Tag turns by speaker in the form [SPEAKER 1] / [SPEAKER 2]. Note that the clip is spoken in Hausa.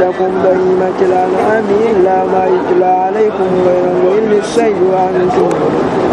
[SPEAKER 1] لكم بهيمة الأنعام إلا ما يتلى عليكم غير مهم السيد وأنتم